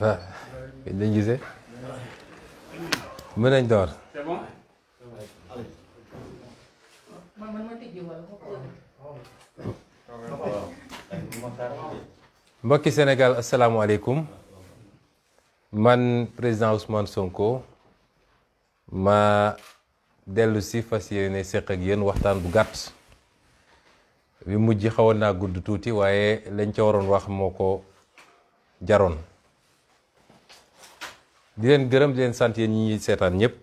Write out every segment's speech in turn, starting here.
waaw dañ nañ door mbokki Sénégal asalaamualeykum man président Ousmane Sonko ma dellusi fas yéene séq ak yéen waxtaan bu gàtt bi mujj xawoon naa gudd tuuti waaye lañ ca waroon wax moo ko jaroon di leen gërëm leen sant yéen ñi ñuy seetaan ñëpp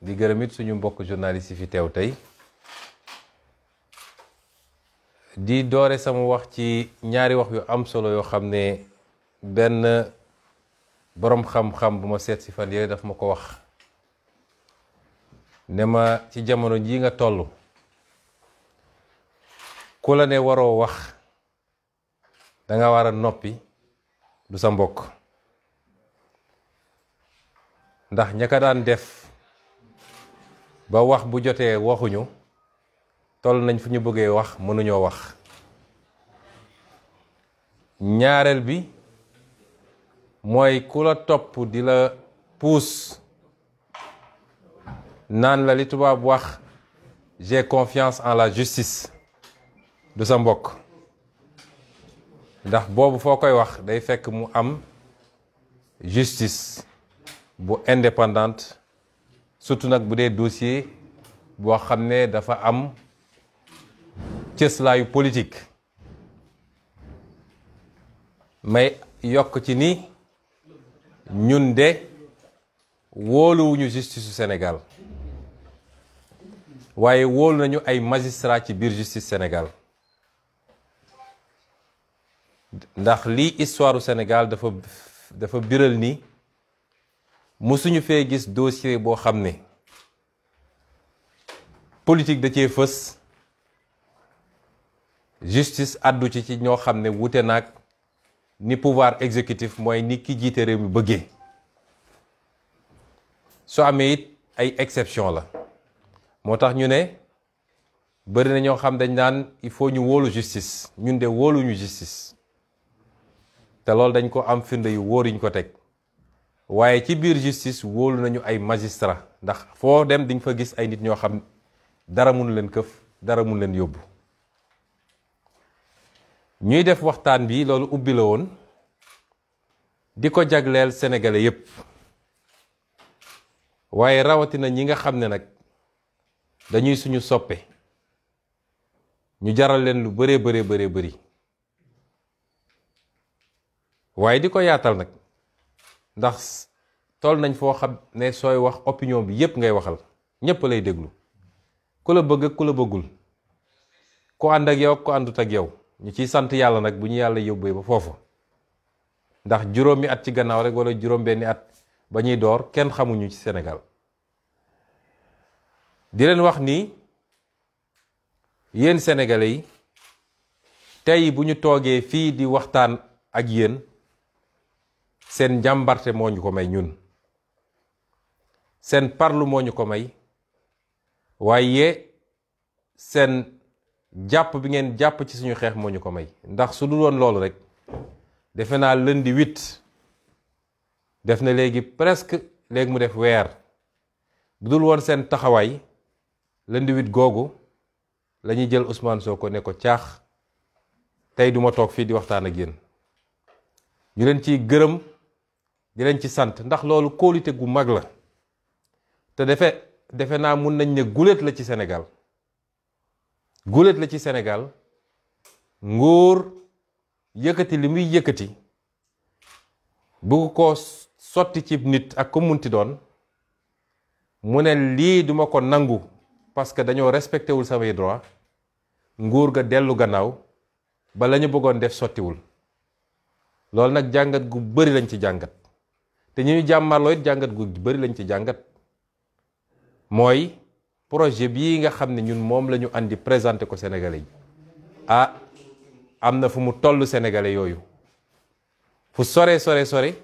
di gërëmit suñu mbokk journaliste yi fi teew tey di doore sama wax ci ñaari wax yu am solo yoo xam ne benn boroom xam-xam bu ma seet si fan yooyu daf ma ko wax ne ma ci jamono jii nga toll ku la ne waroo wax danga war a noppi du sa mbokk ndax ñaka daan def ba wax bu jotee waxuñu toll nañ fu ñu bëggee wax mënuñoo wax bi ku la topp di la la j'ai confiance en la justice du sa mbokk ndax boobu foo koy wax day fekk mu am justice bu indépendante sutu nag bu dee dossier boo xam ne dafa am cëslaayu politique may yokk ci ni ñun de wóoluwuñu justice su waaye wóolu nañu ay magistraa ci biir justice senegal ndax lii histoire senegal Sénégal dafa biral ni musuñu fee gis dossier boo xam ne politique da cee fës justice àddu ci ci ñoo xam ne wute nag ni pouvoir exécutif mooy ni ki jiite réew mi bëggee soo amee it ay exception la moo tax ñu ne bëri na ñoo xam dañ naan il faut ñu wóolu justice ñun de wóoluñu justice te loolu dañ ko am firnde yu wóor yuñ ko teg waaye ci biir justice wóolu nañu ay magistrat ndax foo dem di fa gis ay nit ñoo xam dara mun leen këf dara mun leen yóbbu ñuy def waxtaan bi loolu ubbi la woon di ko jagleel sénégalais yépp waaye rawatina ñi nga xam ne nag dañuy suñu soppe ñu jaral leen lu bëree bëree bëree bëri waaye di ko yaatal nag ndax tool nañ foo xam ne sooy wax opinion bi yépp ngay waxal ñépp lay déglu ku la bëgg ak ku la bëggul ku ànd ak yow ak ku àndut ak yow ñu ciy sant yàlla nag bu ñu yàlla yóbbee ba foofu ndax juróomi at ci gannaaw rek wala juróom benni at ba ñuy door kenn xamuñu ci senegal di leen wax ni yéen sénégalais yi tey bu ñu toogee fii di waxtaan ak yéen Sen njàmbarte moo ñu ko may ñun parlu moo ñu ko may waaye seen jàpp bi ngeen jàpp ci suñu xeex moo ñu ko may ndax su dul woon loolu rek defe naa lundi huit def na léegi presque léegi mu def weer bu dul woon seen lundi jël Ousmane ne ko duma di waxtaan ak ñu di len ci sant ndax lolu qualité gu mag la te defé defé na Senegal, nañ ne Senegal, la ci Sénégal goulet la ci Sénégal nguur yëkëti li yëkëti bu ko soti ci nit ak ko munti doon mune li duma ko nangu parce que dañoo respecté wul samay droit nguur ga delu gannaaw ba lañu bëggoon def wul loolu nak jangat gu bari lañ ci jangat te ñu ñu jàmmarloo it jàngat gu bëri lañ ci jàngat mooy projet bii nga xam ne ñun moom la ñu andi présenté ko sénégalais yi ah am na fu mu toll sénégalais yooyu fu sore sore sore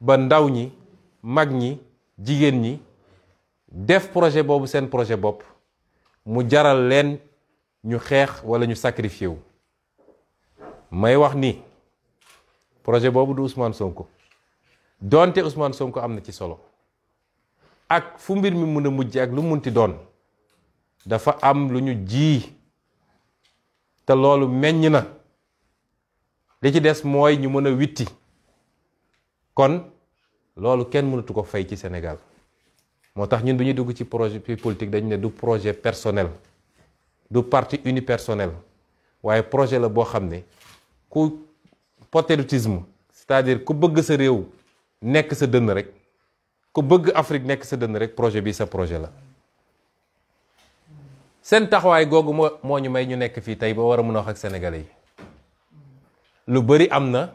ba ndaw ñi mag ñi jigéen ñi def projet boobu seen projet bopp mu jaral leen ñu xeex wala ñu sacrifié wu may wax ni projet boobu du Ousmane Sonko. donte Ousmane Sonko amna ci solo ak fu mbir mi meuna mujj ak lu munti don. dafa am luñu ji te loolu meññ li ci des moy ñu meuna witti kon loolu kenn mënatu ko fay ci Sénégal motax ñun duñu dugg ci projet politique dañ ne du projet personnel du parti unipersonnel waye projet la bo xam ku patriotisme c'est-à-dire ku bëgg sa réew nekk sa dënn rek ku bëgg Afrique nekk sa dënn rek projet bi sa projet la seen taxawaay googu moo moo ñu may ñu nekk fii tey ba war a mën a wax ak sénégalais yi lu bëri am na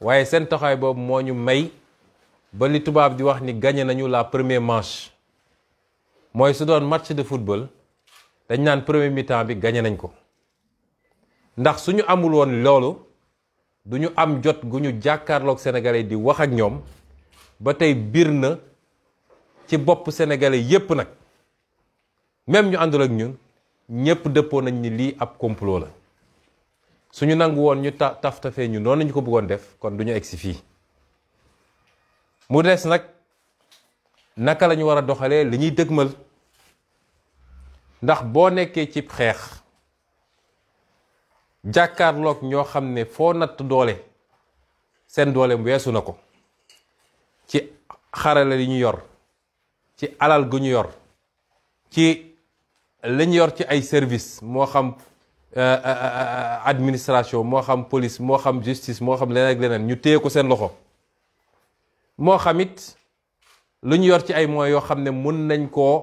waaye seen taxawaay boobu moo ñu may ba li tubaab di wax ni gañe nañu la premier manche mooy su doon match de football dañ naan premier mi bi gagné nañ ko ndax suñu amul woon loolu du ñu am jot gu ñu jàkkaarloog sénégalais di wax ak ñoom ba tey biir na ci bopp sénégalais yépp nag même ñu àndul ak ñun ñépp dëppoo nañ ni lii ab complot la suñu nangu woon ñu ta taftafee ñu noonu ñu ko bëggoon def kon du ñu egsi fii mu des nag naka lañu ñu war a doxalee li ñuy dëgmal ndax boo nekkee cib xeex jàkkaarloog ñoo xam ne foo natt doole seen doole weesu na ko ci xarala li ñu yor ci alal gu ñu yor ci li ñu yor ci ay service moo xam euh, euh, euh, administration moo xam police moo xam justice moo xam leneen ak leneen ñu téye ko seen loxo moo xam it lu ñu yor ci ay moyens yoo xam ne mun nañ koo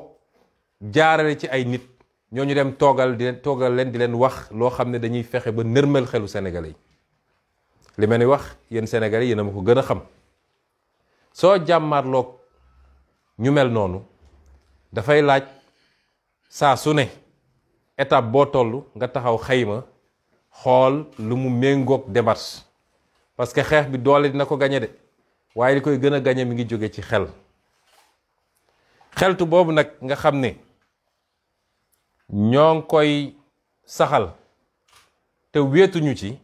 jaarale ci ay nit ñoo ñu dem toogal di leen toogal leen di leen wax loo xam ne dañuy fexe ba nërmal xelu Sénégalais yi li ma ni wax yéen Sénégalais yéen a ma ko gën a xam soo jàmmarloog ñu mel noonu dafay laaj saa su ne étape boo tollu nga taxaw ma xool lu mu méngoog démarche parce que xeex bi doole dina ko gañe de waaye li koy gën a gañe mi ngi jóge ci xel xeltu boobu nag nga xam ne ñoo koy saxal te wéetuñu ci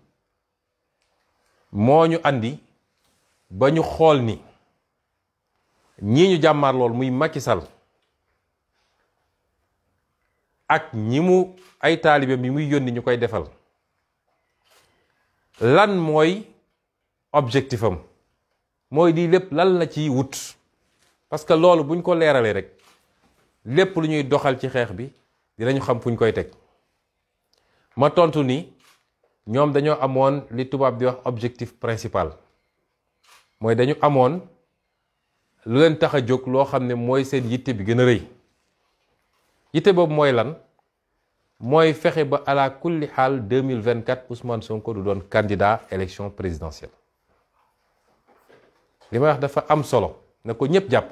moo ñu andi ba ñu xool ni ñii ñu jàmmaar lool muy Macky Sall ak ñi mu ay taalibe mi muy yónni ñu koy defal lan mooy objectifam mooy lii lépp lan la ciy wut parce que loolu buñ ko leeralee rek lépp lu ñuy doxal ci xeex bi dinañu xam fuñ koy teg ma tontu ni ñoom dañoo amoon li tubaab bi wax objectif principal mooy dañu amoon lu leen tax a jóg loo xam ne mooy seen yitte bi gën a rëy yitte boobu mooy lan mooy fexe ba ala kulli xaal 2024 Ousmane Sonko du doon candidat élection présidentielle li may wax dafa am solo na ko ñëpp jàpp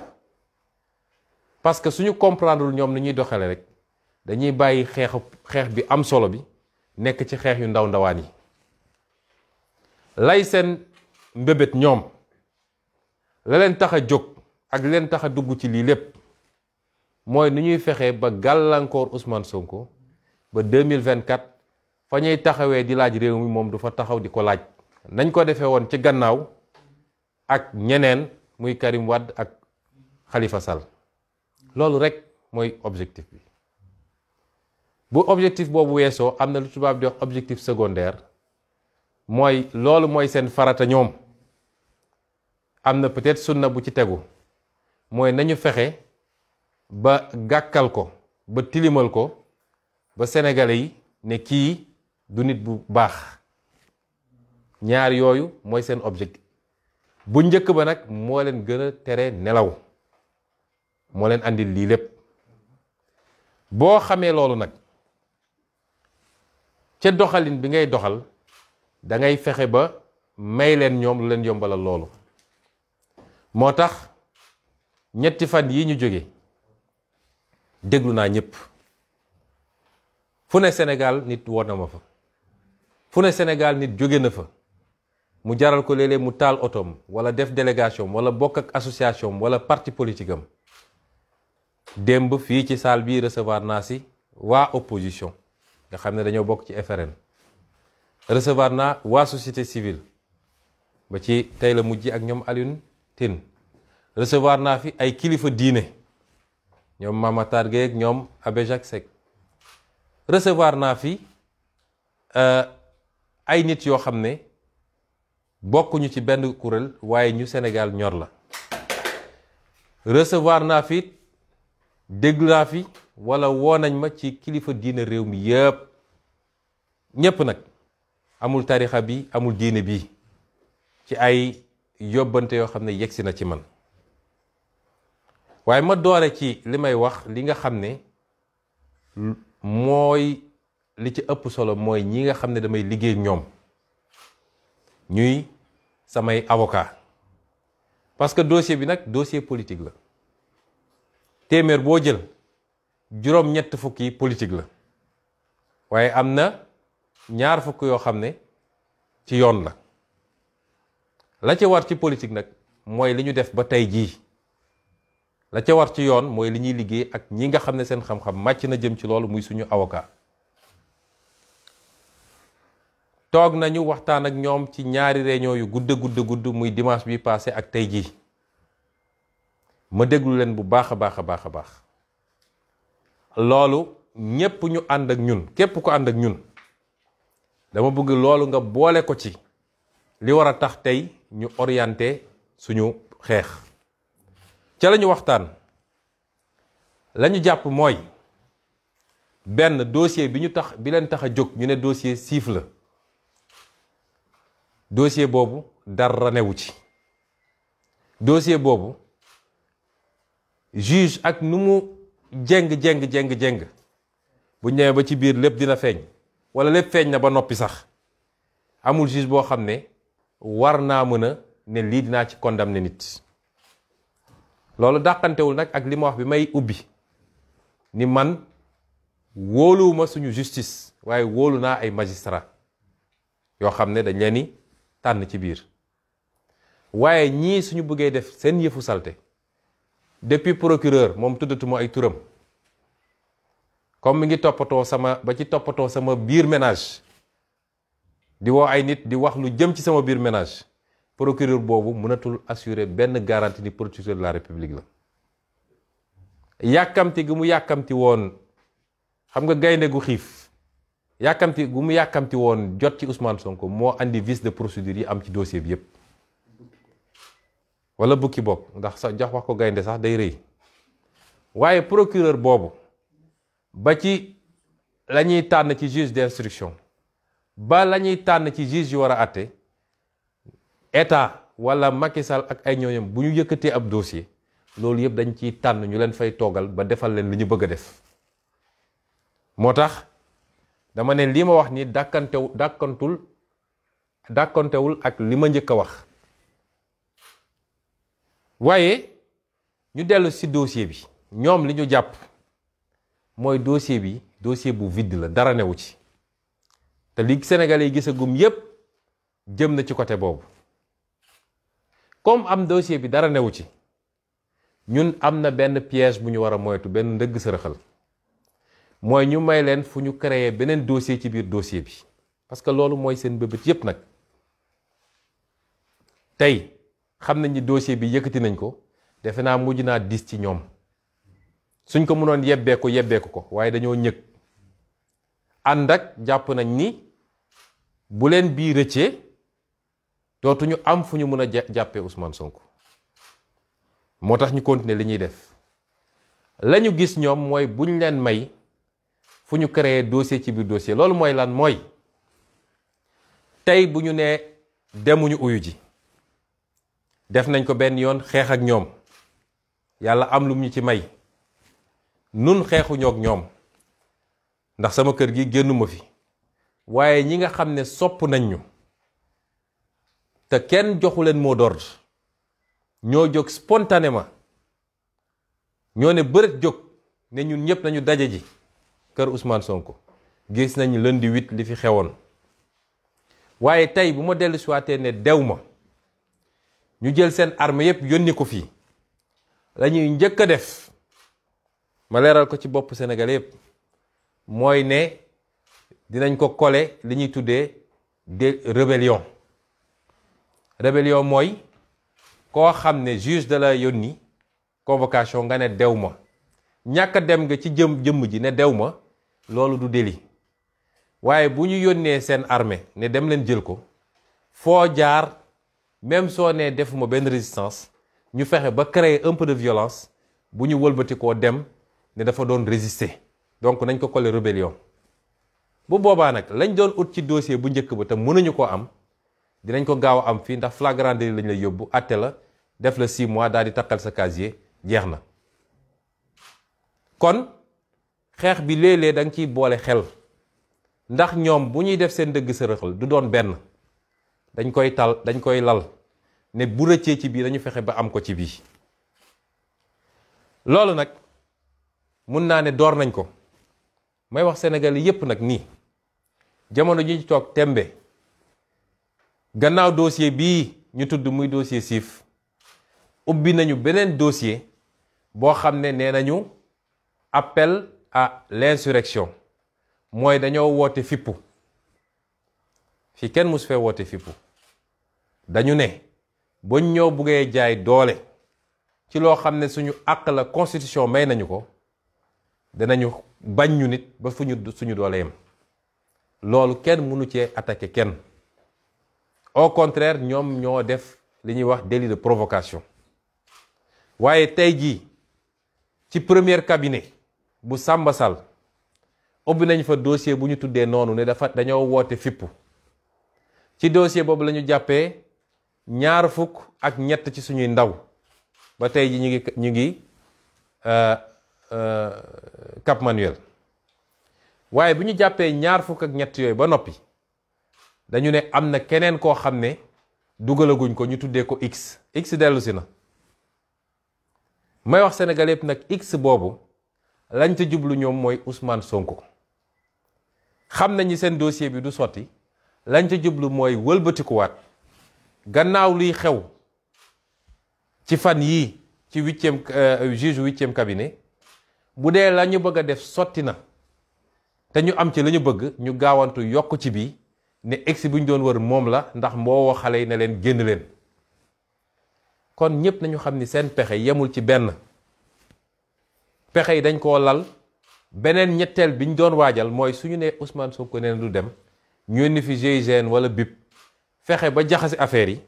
parce que suñu comprendrewul ñoom ni ñuy doxale rek dañuy bàyyi xeexu xeex bi am solo bi nekk ci xeex yu ndaw ndawaan yi lay seen mbébét ñoom la leen tax a jóg ak leen tax dugg ci lii lépp mooy nu ñuy fexe ba gàllankoor Ousmane Sonko ba 2024 fa ñuy taxawee di laaj réew mi moom du fa taxaw di ko laaj nañ ko defee woon ci gannaaw ak ñeneen muy Karim Wade ak xalifa sal loolu rek mooy objectif bi bu objectif boobu weesoo am na lu tubaab di wax objectif secondaire mooy loolu mooy seen farata ñoom am na peut-être sunna bu ci tegu mooy nañu fexe ba gàkkal ko ba tilimal ko ba sénégalais yi ne kii du nit bu baax ñaar yooyu mooy seen objectif bu njëkk ba nag moo leen gën a tere nelaw moo leen indi lii lépp boo xamee loolu nag ca doxalin bi ngay doxal da ngay fexe ba may leen ñoom lu leen yombalal loolu moo tax ñetti fan yi ñu jóge déglu naa ñëpp fu ne senegal nit woo fa fu ne senegal nit jóge na fa mu jaral ko léeg mu taal otoom wala def délégation wala bokk ak association wala parti politique am démb fii ci salle bi recevoir naa si waa opposition nga xam ne dañoo bokk ci FRN recevoir naa waa société civile ba ci tey la mujj ak ñoom Alioune Tine recevoir naa fi ay kilifa diine ñoom Mama Tar ñoom Abbé Jacques Seck recevoir naa fi euh, ay nit yoo xam ne bokkuñu ci benn kuréel waaye ñu senegal ñor la recevoir naa fi déglu naa fi wala woo nañ ma ci kilifa diine réew mi yépp ñépp nag amul tarixa bi amul diine bi ci ay yóbbante yoo xam ne yegsi na ci man waaye ma doore ci li may wax li nga xam ne mooy li ci ëpp solo mooy ñi nga xam ne damay liggéey ñoom ñuy samay avocat parce que dossier bi nag dossier politique la téeméer boo jël juróom-ñett fukk yi la waaye am na ñaar fukk yoo xam ne ci yoon la la ca war ci politique nag mooy li ñu def ba tey jii la ca war ci yoon mooy li ñuy liggéey ak ñi nga xam ne seen xam-xam màcc na jëm ci loolu muy suñu avocat toog nañu waxtaan ak ñoom ci ñaari réunion yu gudd gudd gudd muy dimaas bi passé ak tey jii ma déglu leen bu baax a baax a baax a baax loolu ñépp ñu ànd ak ñun képp ko ànd ak ñun dama bëgg loolu nga boole ko ci li war a tax tey ñu orienté suñu xeex ca la ñu waxtaan la ñu jàpp mooy benn dossier bi ñu tax bi leen tax a jóg ñu ne dossier siif la dossier boobu dara newu ci dossier boobu juge ak nu mu jeng jeng jeng jeng bu ñëwee ba ci biir lépp dina feeñ wala lépp feeñ na ba noppi sax amul juge boo xam ne war naa mën a ne lii dinaa ci condamné nit loolu dàqantewul nag ak li ma wax bi may ubbi ni man wóoluwuma suñu justice waaye wóolu naa ay magistra yoo xam ne dañ leen ni tànn ci biir waaye ñii suñu bëggee def seen yëfu salte depuis procureur moom tuddatuma ay touram comme mi ngi topato sama ba ci topato sama bir ménage di wo ay nit di wax lu jëm ci sama bir ménage procureur bobu mënatul assurer ben garantie ni procureur de la république la yakamti gumu yakamti won xam nga gaynde gu xif yakamti gumu yakamti won jot ci Ousmane Sonko mo andi vice de procédure yi am ci dossier bi yépp wala bukki bopp ndax sa jox wax ko gaynde sax day rëy waaye procureur boobu ba ci lañuy tànn ci juge d'instruction ba la ñuy tànn ci juge yu war a àtte état walla Macky Sall ak ay ñooñam bu ñu yëkkatee ab dossier loolu yëpp dañ ciy tànn ñu leen fay toogal ba defal leen li ñu bëgg a def moo tax dama ne lii ma wax ni dàkkantew dàkkantul dàkkantewul ak li ma njëkk a wax waaye ñu dellu si dossier bi ñoom li ñu jàpp mooy dossier bi dossier bu vide la dara newu ci te li Sénégalais yi gisagum yépp jëm na ci côté boobu comme am dossier bi dara newu ci ñun am na benn piège bu ñu war a moytu benn ndëgg sërëxal mooy ñu may leen fu ñu créer beneen dossier ci biir dossier bi parce que loolu mooy seen bëbët yépp nag tey xam nañ ni dossier bi yëkkati nañ ko defe naa mujj naa diis ci ñoom suñ ko mënoon yebbee yebbeeku yebbee ko waaye dañoo ñëg ànd ak jàpp nañ ni bu leen biir rëccee dootuñu am fu ñu mën a jàppee Ousmane Sonko moo tax ñu continuer li ñuy def lañu gis ñoom mooy buñ leen may fu ñu créer dossier ci biir dossier loolu mooy lan mooy tey bu ñu nee demuñu uyu ji def nañ ko benn yoon xeex ak ñoom yàlla am lu ñu ci may nun xeexuñoo ak ñoom ndax sama kër gi génnuma fi waaye ñi nga xam ne sopp nañ ñu te kenn joxu leen moo d'ordre ñoo jóg ma ñoo ne bërët jóg ne ñun ñëpp nañu daje ji kër Ousmane Sonko gis nañ lundi 8 li fi xewoon waaye tey bu ma dellu siwaatee ne dew ma ñu jël seen arme yépp yónni ko fii la ñuy njëkk a def ma leeral ko ci bopp Sénégal yépp mooy ne dinañ ko kole li ñuy tuddee dé rébellion rébellion mooy koo xam ne juge da la yónni convocation nga ne dew ma ñàkk dem nga ci jëm jëmm ji ne dew ma loolu du déli waaye bu ñu yónnee seen armée ne dem leen jël ko foo jaar même soo nee defuma benn résistance ñu fexe ba créer un peu de violence bu ñu wëlbati koo dem né dafa doon résister donc nañ ko coller rébellion bu boobaa nag lañ doon ut ci dossier bu njëkk ba te mënuñu ko am dinañ ko gaaw a am fii ndax flagrant délit lañ lay yóbbu àtte la def 6 mois daal di takkal sa casier hier. na kon xeex bi lélé dang ci bolé xel ndax ñom buñuy def sen deug dëgg sërëxal du doon benn dañ koy tal dañ koy lal ne bu rëccee ci biir dañu fexe ba am ko ci bii loolu nag mun naa ne door nañ ko may wax Sénégal yépp nag nii jamono ji ñu toog tembe gannaaw dossier bii ñu tudd muy dossier siif ubbi nañu beneen dossier boo xam ne nee nañu appel à l'insurrection mooy dañoo woote fippu fii kenn mus fee woote fippu dañu ne ba ñoo buggee jaay doole ci loo xam ne suñu àq la constitution may nañu ko danañu bañ ñu nit ba fu ñu suñu doole yam loolu kenn mënu cee attaqué kenn au contraire ñoom ñoo def li ñuy wax délit de provocation waaye tey jii ci premier cabinet bu Samba Sall ubbi nañ fa dossier bu ñu tuddee noonu ne dafa dañoo woote fippu ci dossier boobu la jàppee ñaar fukk ak ñett ci suñuy ndaw ba tey ji ñu ngi ñu ngi euh, euh, Cap Manuel waaye bu ñu jàppee ñaar fukk ak ñett yooyu ba noppi dañu ne am na keneen koo xam ne dugalaguñ ko ñu tuddee ko x x dellusi na may wax sénégalais yëpp nag x boobu lañ ca jublu ñoom mooy Ousmane Sonko xam nañu seen dossier bi du sotti lañ ca jublu mooy wëlbatikuwaat gannaaw luy xew ci fan yii ci huitième euh, juge huitième cabinet bu dee lañu ñu bëgg a def sotti na te ñu am ci la bëgg ñu gaawantu yokk ci bii ne egsi buñ doon wër moom la ndax moo woo xale yi ne leen génn leen kon ñépp nañu xam ni seen pexe yemul ci benn pexe yi dañ koo lal beneen ñetteel bi ñu doon waajal mooy suñu ne Ousmane Sonko nee na du dem ñu indi fi GIGN wala BIP fexe ba jaxasi affaire yi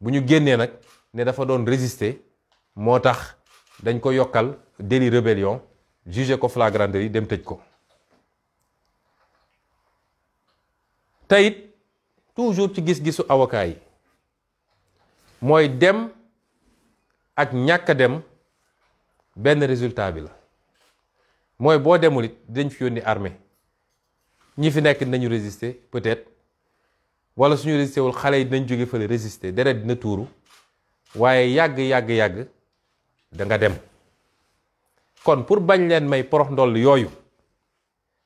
bu ñu génnee nag ne dafa doon résister moo tax dañ ko yokkal délit rébellion jugé ko flagrander yi dem tëj ko teyit toujours ci gis-gisu avocat yi mooy dem ak ñàkk dem benn résultat bi la mooy boo demul it dañ fi yónni armée ñi fi nekk dinañu résister peut-être wala suñu résister wul xale yi dinañ jóge fële résister deret dina tuuru waaye yàgg yàgg yàgg da nga dem kon pour bañ leen may porox ndoll yooyu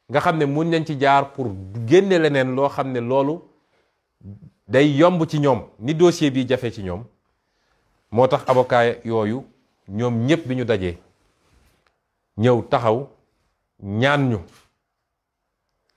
nga xam ne mun nañ ci jaar pour génne leneen loo xam ne loolu day yomb ci ñoom ni dossier bi jafe ci ñoom moo tax avocat yooyu ñoom ñépp bi ñu dajee ñëw taxaw ñaan ñu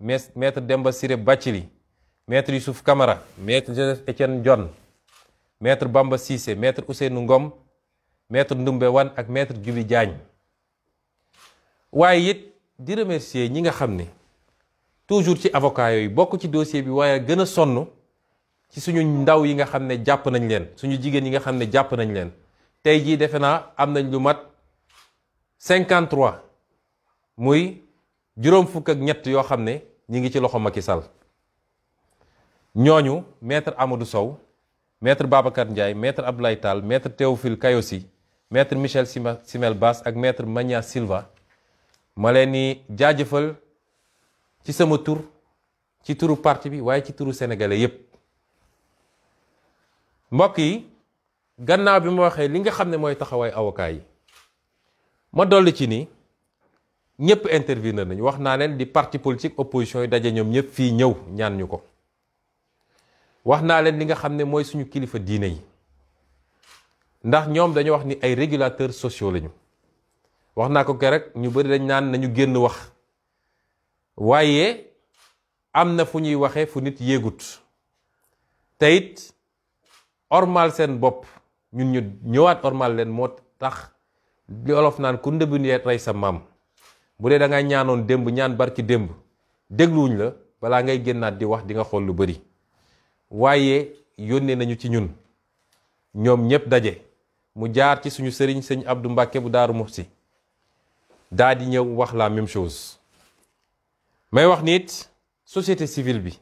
maître Demba Ciré Bathily maître Youssouf Camara maître Joseph John maître Bamba Cissé maître Ousseynou Ngom maître Ndumbe Wan ak maître Djibi Diagne waaye it di remercier ñi nga xam toujours ci avocat yooyu bokk ci dossier bi waaye gën a sonn ci suñu ndaw yi nga xam ne nañ leen suñu jigéen yi nga xam ne nañ leen am nañ lu mat 53 muy juróom fukk ak ñett yoo xam ne ñi ngi ci loxo Macky Sall ñooñu maître Amadou Sow maître Babacar Ndiaye maître Abdoulaye Tall maître Théophile Kayosi maître sima Simel Bass ak maître Magna Silva ma leen ni jaajëfal ci sama tur ci turu parti bi waaye ci turu sénégalais yépp mbokk yi gannaaw bi ma waxee li nga xam ne mooy taxawaay avocat yi ma dolli ci ni ñëpp intervenir nañu wax naa leen di parti politique opposition yi daje ñoom ñëpp fii ñëw ñaan ñu ko wax naa leen li nga xam ne mooy suñu kilifa diine yi ndax ñoom dañu wax ni ay régulateurs sociaux lañu wax naa ko keroog ñu bëri nañ naan nañu génn wax waaye am na fu ñuy waxee fu nit yéegut te it ormal seen bopp ñun ñu ñëwaat ormal leen moo tax li olof naan ku ndëbin yee rey sa maam bu dee da ngay ñaanoon démb ñaan barki démb dégluwuñ la balaa ngay génnaat di wax di nga xool lu bëri waaye yónnee nañu ci ñun ñoom ñëpp daje mu jaar ci suñu sëriñ sëñ Abdou Mbàkke bu Daaru Muxti daa di ñëw wax la même chose may wax nit société civile bi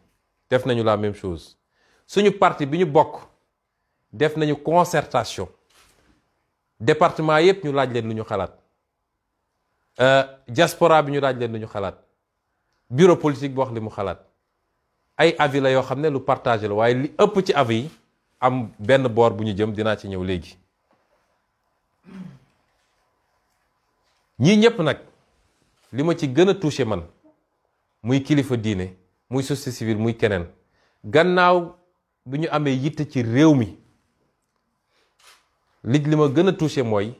def nañu la même chose suñu parti bi ñu bokk def nañu concertation département yëpp ñu laaj leen lu ñu xalaat Euh, diaspora bi ñu daaj leen lu xalaat bureau politique bi wax li mu xalaat ay avila yoo xam ne lu partagé la waaye li ëpp ci avis am benn boor bu ñu jëm dinaa ci ñëw léegi ñii ñëpp nag li ma ci gën a touché man muy kilifa diine muy société civile muy keneen gannaaw bi ñu amee yitte ci réew mi lij li ma gën a touché mooy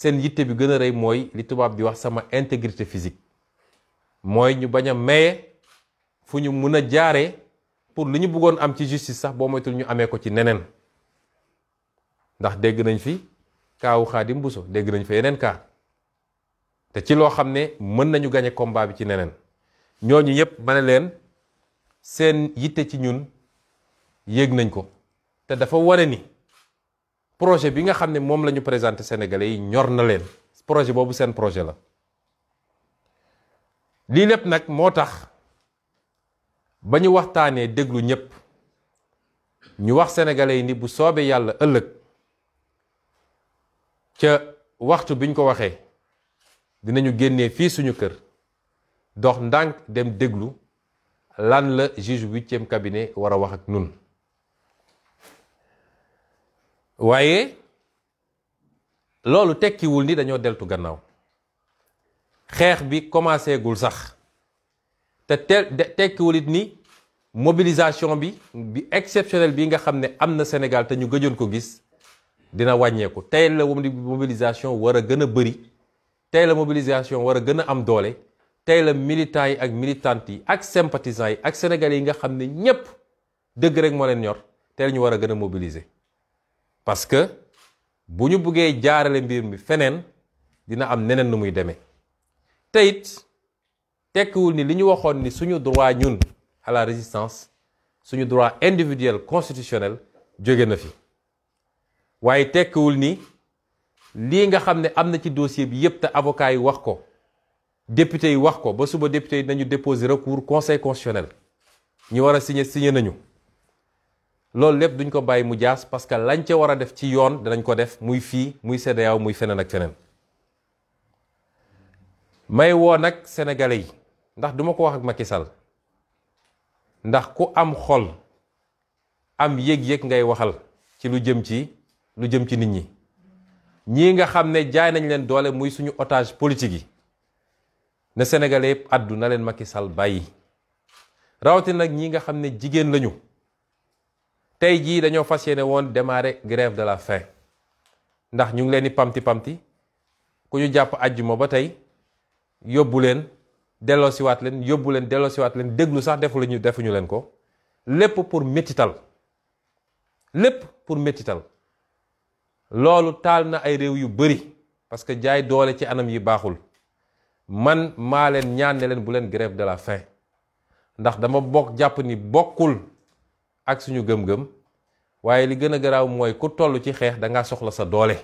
seen yitte bi gën a rey mooy li tubaab di wax sama intégrité physique mooy ñu bañ a maye fu ñu mun a jaare pour li ñu bëggoon am ci justice sax boo moytul ñu amee ko ci neneen ndax dégg nañ fi kaawu Xaadim Buso dégg nañ fa yeneen kaa te ci loo xam ne mën nañu gañe combat bi ci neneen ñooñu yépp ma leen seen yitte ci ñun yéeg nañ ko te dafa wane ni projet bi nga xam ne moom lañu ñu présenté yi ñor na leen projet boobu seen projet la lii lépp nag moo tax ba ñu waxtaanee déglu ñépp ñu wax sénégalais yi ni bu soobee yàlla ëllëg ca waxtu biñ ko waxee dinañu génnee fii suñu kër dox ndànk dem déglu lan la juge huitième cabinet war a wax ak nun waaye le tekkiwul ni dañoo deltu gannaaw xex bi commencé gul sax te ni mobilisation bi bi exceptionnelle bi nga xamné amna Sénégal te ñu gëjoon ko gis dina la mobilisation ni bëri la mobilisation wara gëna am doolé la militants yi ak militantes yi ak sympathisants yi ak sénégalais yi nga xamné ñëpp rek parce que bu ñu buggee jaarale mbir mi feneen dina am neneen nu muy demee te it tekkiwul ni li ñu waxoon ni suñu droit ñun à la résistance suñu droit individuel constitutionnel jóge na fi waaye tekkiwul ni lii nga xam ne am na ci dossier bi yépp te avocat yi wax ko député yi wax ko ba suba député yi nañu déposer recours conseil constitutionnel ñu wara a signe nañu loolu lépp duñ ko bàyyi mu jaas parce que lañ ca war a def ci yoon danañ ko def muy fii muy CEDEAO muy feneen ak feneen may woo nag sénégalais yi ndax duma ko wax ak Macky ndax ku am xol am yéeg yéeg ngay waxal ci lu jëm ci lu jëm ci nit ñi ñii nga xam ne jaay nañ leen doole muy suñu otage politique yi ne sénégalais yëpp àddu na leen Macky Sall bàyyi rawatina nag ñi nga xam ne jigéen lañu tey jii dañoo fas yéene woon demare grève de la faim ndax ñu ngi leen di pamti pamti ku ñu jàpp àjjuma ba tey yóbbu leen delloosiwaat leen yóbbu leen delloosiwaat leen déglu sax defu ñu defuñu leen ko lépp pour métital lépp pour métital loolu taal na ay réew yu bëri parce que jaay doole ci anam yi baaxul man maa leen ñaan leen bu leen grève de la faim ndax dama bokk jàpp ni bokkul. ak suñu gëm-gëm waaye li gën a garaaw mooy ku toll ci xeex da ngaa soxla sa doole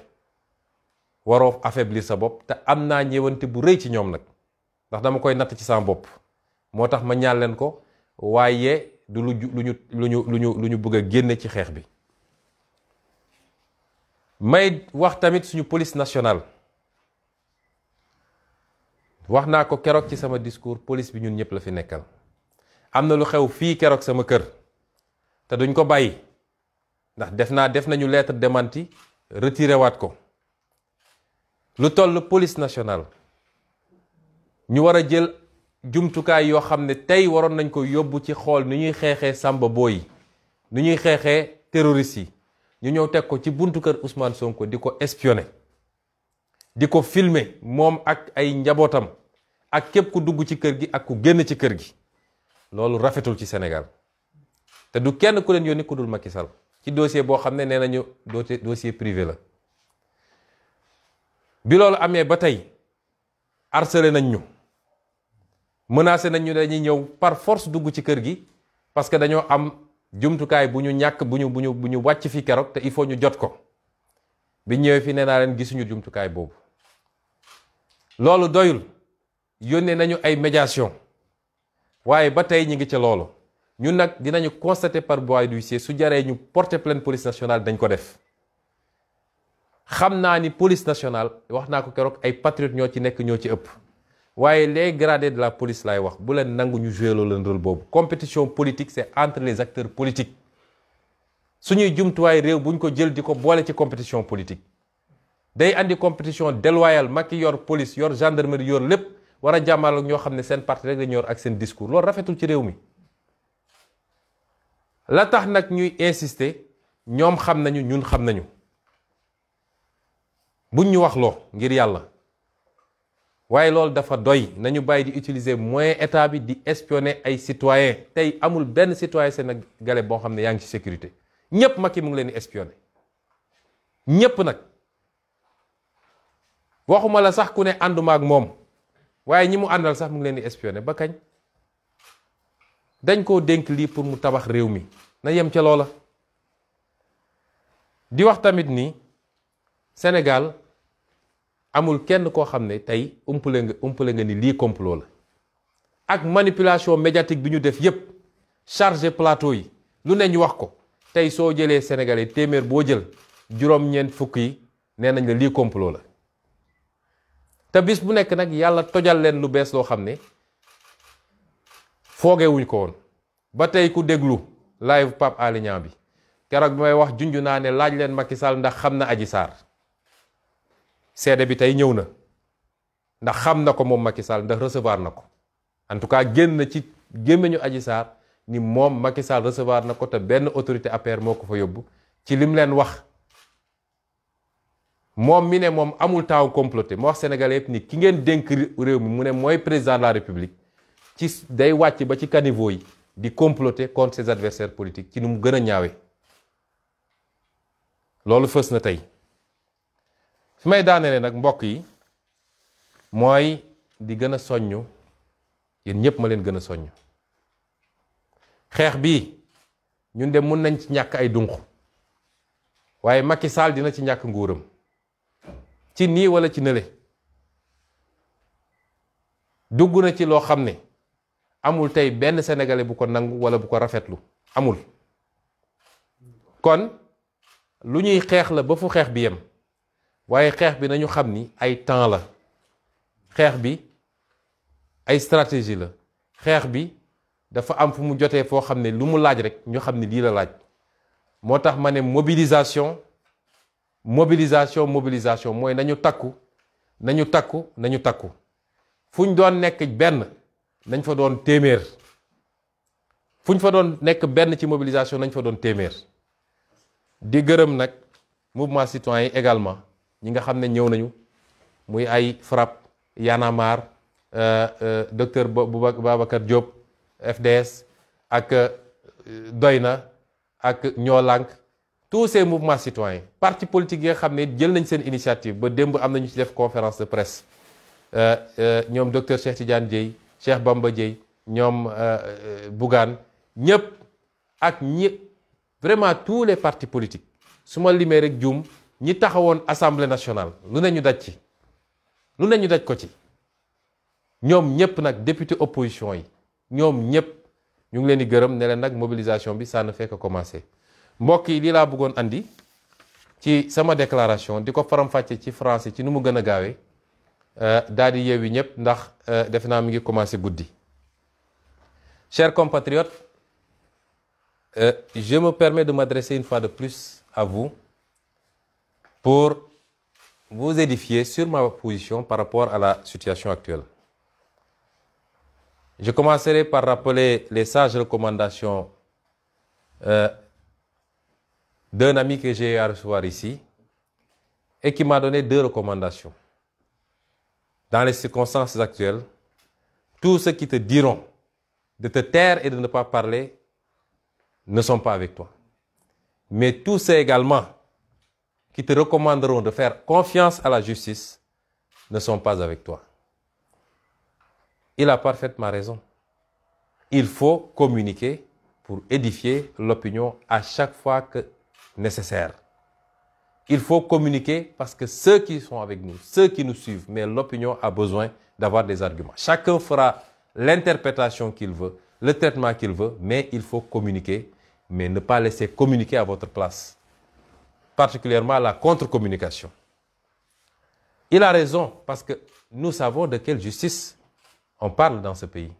waroo affaiblir sa bopp te am naa ñëwante bu rëy ci ñoom nag ndax dama koy natt ci sama bopp moo tax ma ñaan leen ko waaye du lu lu ñu lu ñu lu ñu lu ñu bëgg a génne ci xeex bi may wax tamit suñu police nationale wax naa ko keroog ci sama discours police bi ñun ñëpp la fi nekkal am na lu xew fii keroog sama kër te duñ ko bàyyi ndax def naa def nañu lettre démenti retiré waat ko lu toll police nationale ñu war a jël jumtukaay yoo xam ne tey waroon nañ ko yóbbu ci xool ni ñuy xeexee sàmba booy yi ni ñuy xeexee terroriste yi ñu ñëw teg ko ci buntu kër Ousmane Sonko di ko espionné di ko filmer moom ak ay njabootam ak képp ku dugg ci kër gi ak ku génn ci kër gi loolu rafetul ci Sénégal té du kenn ku len yoni kudul Macky Sall ci dossier bo xamné ne nañu dossier privé la bi lolou amé ba nañ ñu dañuy ñëw par force dugu ci kër gi parce que dañoo am jumtu kay buñu ñak buñu buñu buñu wacc fi kérok te il faut ñu jot ko bi ñëwee fi nee len gisunu jumtu kay bobu lolou doyul yónnee nañu ay médiation waye batay ñi ngi ci lolou ñun nag dinañu constater par du d'huissier su jaree ñu porter plainte police nationale dañ ko def xam naa ni police nationale wax naa ko keroog ay patriotes ñoo ci nekk ñoo ci ëpp waaye les grade de la police laay wax bu leen nangu ñu joué loo leen rôle boobu compétition politique c'est entre les acteurs politiques suñuy jumtuwaay réew bu ñu ko jël di ko boole ci compétition politique day andi compétition déloyale Macky yor police yor gendarmerie yor lépp war a jàmmal ñoo xam ne seen parti rek dañu yor ak seen discours loolu rafetul ci réew mi la tax nag ñuy insister ñoom xam nañu ñun xam nañu buñ ñu wax loo ngir yàlla waaye loolu dafa doy nañu bàyyi di utiliser moyen état bi di espionner ay citoyen tey amul benn citoyen sénégalais boo xam ne yaa ngi ci sécurité ñépp yi mu ngi leen di espionner ñépp nag waxuma la sax ku ne ànduma ak moom waaye ñi mu àndal sax mu ngi leen di espionner ba kañ dañ koo dénk lii pour mu tabax réew mi na yem ca loola di wax tamit ni Sénégal amul kenn koo xam ne tey umpale nga umpale nga ni lii complot la ak manipulation médiatique bi ñu def yépp chargé plateau yi lu ne ñu wax ko tey soo jëlee sénégalais téeméer boo jël juróom-ñeent fukk yi nee nañ la lii complot la te bu nekk nag yàlla tojal leen lu bees loo xam ne foogewuñ ko woon ba tey ku déglu live Pape Alé bi keroog bi may wax junj naa ne laaj leen Macky Sall ndax xam na aji Sarr seede bi tey ñëw na ndax xam na ko moom Macky Sall ndax recevoir na ko en tout cas génn ci gémmiñu Adji Sarr ni moom Macky Sall recevoir na ko te benn autorité APR moo ko fa yóbbu ci lim leen wax moom mi ne moom amul temps comploté ma wax Sénégalais yëpp ni ki ngeen dénk réew mi mu ne mooy président la République ci day wàcc ba ci caniveau yi di comploter contre ses adversaires politiques ci nu mu gën a ñaawe loolu fës na tey fi may daanelee nag mbokk yi mooy di gën a soññ yéen ñëpp ma leen gën a soññ xeex bii ñun de mun nañ ci ñàkk ay dunq waaye Macky dina ci ñàkk nguuram ci nii wala ci nële dugg na ci loo xam amul tey benn sénégalais bu ko nangu wala bu ko rafetlu amul kon lu ñuy xeex la ba fu xeex bi yem waaye xeex bi nañu xam ni ay temps la xeex bi ay stratégie la xeex bi dafa am fu mu jotee foo xam ne lu mu laaj rek ñu xam ne lii la laaj moo tax ma ne mobilisation mobilisation mobilisation mooy nañu takku nañu takku nañu takku fu ñu doon nekk benn nañ fa doon téeméer fu ñu fa doon nekk benn ci mobilisation nañ fa doon téeméer di gërëm nag mouvement citoyen yi également ñi nga xam ne ñëw nañu muy ay FRAPP Y'en a marre euh, euh, docteur Babacar Diop FDS ak euh, Doyna ak Ñoo Lank tous ces mouvements citoyens parti politique yi nga xam ne jël nañ seen initiative ba démb am nañu ci def conférence de presse ñoom docteur Cheikh Tidiane Dieye Cheikh Bamba Dièye ñoom euh, euh, Bougane ñëpp ak ñi vraiment tous les partis politiques suma ma rek ñi taxawoon assemblée nationale lu ne dacc ci lu ne dacc ko ci ñom ñëpp nag député opposition yi ñom ñëpp ñu ngi leen gëreum né ne nag mobilisation bi ça ne fait que commencer mbokk yi li la bëggoon andi ci sama déclaration diko faram-fàccee ci français ci numu gëna gën euh, Dadi euh, chers compatriotes euh, je me permets de m'adresser une fois de plus à vous pour vous édifier sur ma position par rapport à la situation actuelle. Je commencerai par rappeler les sages recommandations d'un ami que j'ai à recevoir ici et qui m'a donné deux recommandations dans les circonstances actuelles, tous ceux qui te diront de te taire et de ne pas parler ne sont pas avec toi. Mais tous ceux également qui te recommanderont de faire confiance à la justice ne sont pas avec toi. Il a parfaitement raison. Il faut communiquer pour édifier l'opinion à chaque fois que nécessaire. Il faut communiquer parce que ceux qui sont avec nous, ceux qui nous suivent, mais l'opinion a besoin d'avoir des arguments. Chacun fera l'interprétation qu'il veut, le traitement qu'il veut, mais il faut communiquer, mais ne pas laisser communiquer à votre place, particulièrement la contre-communication. Il a raison parce que nous savons de quelle justice on parle dans ce pays.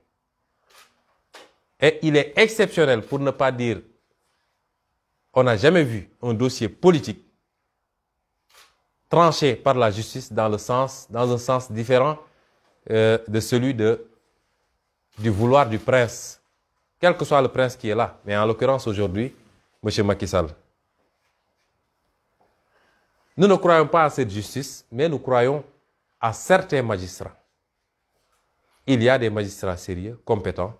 Et il est exceptionnel, pour ne pas dire, on n'a jamais vu un dossier politique tranché par la justice dans, le sens, dans un sens différent euh, de celui de, du vouloir du prince, quel que soit le prince qui est là, mais en l'occurrence aujourd'hui, M. Macky Sall. Nous ne croyons pas à cette justice, mais nous croyons à certains magistrats. Il y a des magistrats sérieux, compétents,